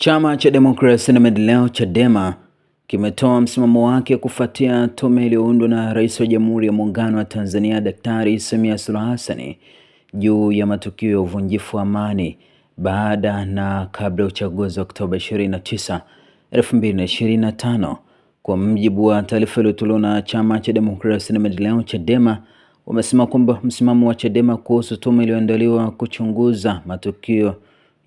Chama cha Demokrasia na Maendeleo Chadema kimetoa msimamo wake kufuatia tume iliyoundwa na Rais wa Jamhuri ya Muungano wa Tanzania Daktari Samia Suluhu Hassan juu ya matukio ya uvunjifu wa amani baada na kabla ya uchaguzi wa Oktoba 29, 2025. Kwa mjibu wa taarifa iliyotolewa na Chama cha Demokrasia na Maendeleo Chadema, wamesema kwamba msimamo wa Chadema kuhusu tume iliyoandaliwa kuchunguza matukio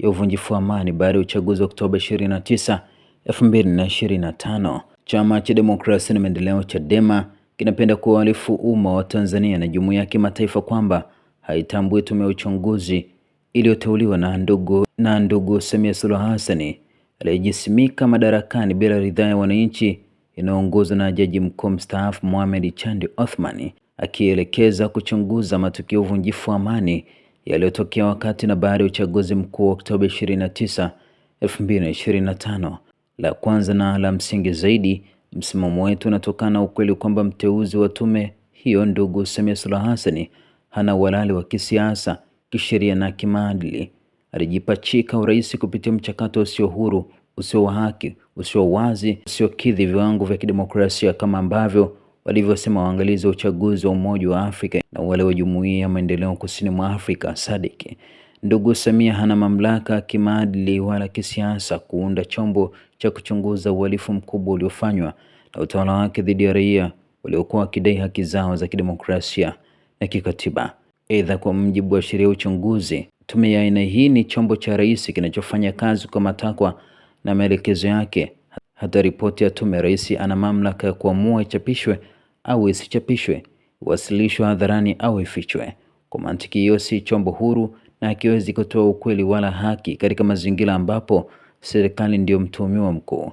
ya uvunjifu wa amani baada ya uchaguzi wa Oktoba 29, 2025. Chama cha Demokrasia na Maendeleo Chadema kinapenda kuwaarifu umma wa Tanzania na jumuiya ya kimataifa kwamba haitambui tume ya uchunguzi iliyoteuliwa na ndugu, na ndugu Samia Suluhu Hassan aliyejisimika madarakani bila ridhaa ya wananchi inayoongozwa na Jaji Mkuu mstaafu Mohamed Chande Othman akielekeza kuchunguza matukio ya uvunjifu wa amani yaliyotokea wakati na baada ya uchaguzi mkuu wa Oktoba 29, 2025. La kwanza na la msingi zaidi, msimamo wetu unatokana na ukweli kwamba mteuzi wa tume hiyo ndugu Samia Suluhu Hassan hana uhalali wa kisiasa, kisheria na kimaadili. Alijipachika urais kupitia mchakato usio huru, usio wa haki, usio wazi, usiokidhi viwango vya kidemokrasia kama ambavyo walivyosema waangalizi wa uchaguzi wa Umoja wa Afrika na wale wa Jumuiya ya Maendeleo Kusini mwa Afrika SADC. Ndugu Samia hana mamlaka kimaadili wala kisiasa kuunda chombo cha kuchunguza uhalifu mkubwa uliofanywa na utawala wake dhidi ya raia waliokuwa wakidai haki zao za kidemokrasia na kikatiba. Aidha, kwa mujibu wa sheria ya uchunguzi, tume ya aina hii ni chombo cha rais kinachofanya kazi kwa matakwa na maelekezo yake hata ripoti ya tume, rais ana mamlaka ya kuamua ichapishwe au isichapishwe, iwasilishwe hadharani au ifichwe. Kwa mantiki hiyo, si chombo huru na hakiwezi kutoa ukweli wala haki katika mazingira ambapo serikali ndiyo mtuhumiwa mkuu.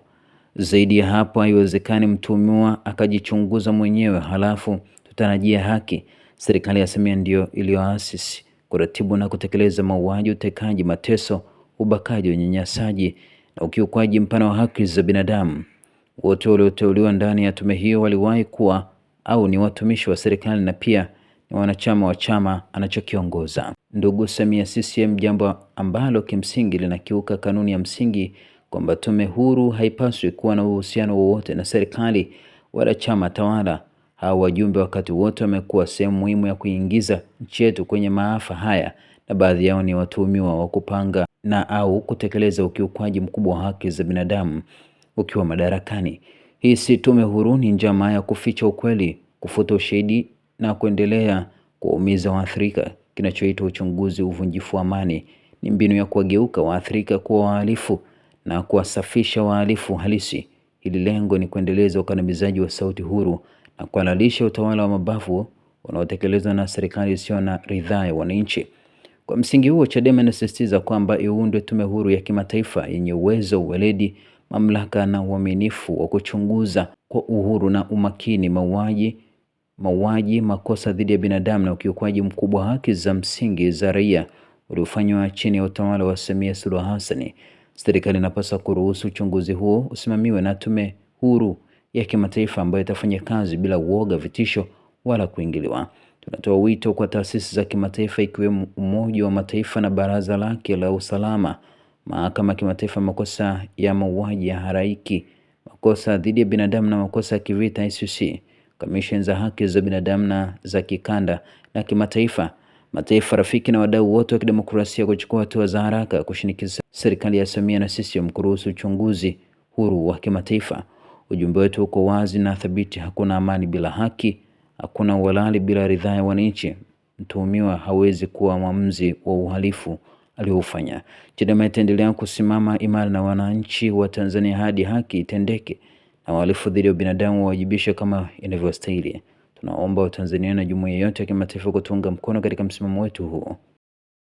Zaidi ya hapo, haiwezekani mtuhumiwa akajichunguza mwenyewe halafu tutarajia haki. Serikali ya Samia ndiyo iliyoasisi, kuratibu na kutekeleza mauaji, utekaji, mateso, ubakaji, unyanyasaji na ukiukwaji mpana wa haki za binadamu. Wote walioteuliwa ndani ya tume hiyo waliwahi kuwa au ni watumishi wa serikali na pia ni wanachama wa chama anachokiongoza. Ndugu Samia CCM, jambo ambalo kimsingi linakiuka kanuni ya msingi kwamba tume huru haipaswi kuwa na uhusiano wowote na serikali wala chama tawala. Hao wajumbe wakati wote wamekuwa sehemu muhimu ya kuingiza nchi yetu kwenye maafa haya na baadhi yao ni watuhumiwa wa kupanga na au kutekeleza ukiukwaji mkubwa wa haki za binadamu ukiwa madarakani. Hii si tume huru, ni njama ya kuficha ukweli, kufuta ushahidi na kuendelea kuwaumiza waathirika. Kinachoitwa uchunguzi uvunjifu wa amani ni mbinu ya kuwageuka waathirika kuwa wahalifu na kuwasafisha wahalifu halisi. Hili lengo ni kuendeleza ukandamizaji wa sauti huru na kuhalalisha utawala wa mabavu unaotekelezwa na serikali isiyo na ridhaa ya wananchi. Kwa msingi huo, Chadema inasisitiza kwamba iundwe tume huru ya kimataifa yenye uwezo, uweledi, mamlaka na uaminifu wa kuchunguza kwa uhuru na umakini mauaji, mauaji, makosa dhidi ya binadamu na ukiukwaji mkubwa wa haki za msingi za raia uliofanywa chini ya utawala wa Samia Suluhu Hassan. Serikali inapaswa kuruhusu uchunguzi huo usimamiwe na tume huru ya kimataifa ambayo itafanya kazi bila uoga, vitisho wala kuingiliwa. Tunatoa wito kwa taasisi za kimataifa ikiwemo Umoja wa Mataifa na Baraza lake la Usalama, Mahakama ya Kimataifa makosa ya mauaji ya haraiki, makosa dhidi ya binadamu na makosa ya kivita ICC, kamisheni za haki za binadamu na za kikanda na kimataifa, mataifa rafiki na wadau wote wa kidemokrasia kuchukua hatua za haraka kushinikiza serikali ya Samia na CCM kuruhusu uchunguzi huru wa kimataifa. Ujumbe wetu uko wazi na thabiti: hakuna amani bila haki. Hakuna uhalali bila ridhaa ya wananchi. Mtuhumiwa hawezi kuwa mwamuzi wa uhalifu alioufanya. Chadema itaendelea kusimama imara na wananchi wa Tanzania hadi haki itendeke na wahalifu dhidi ya binadamu wawajibishwe kama inavyostahili. Tunaomba Watanzania na jumuiya yote ya kimataifa kutuunga mkono katika msimamo wetu huo.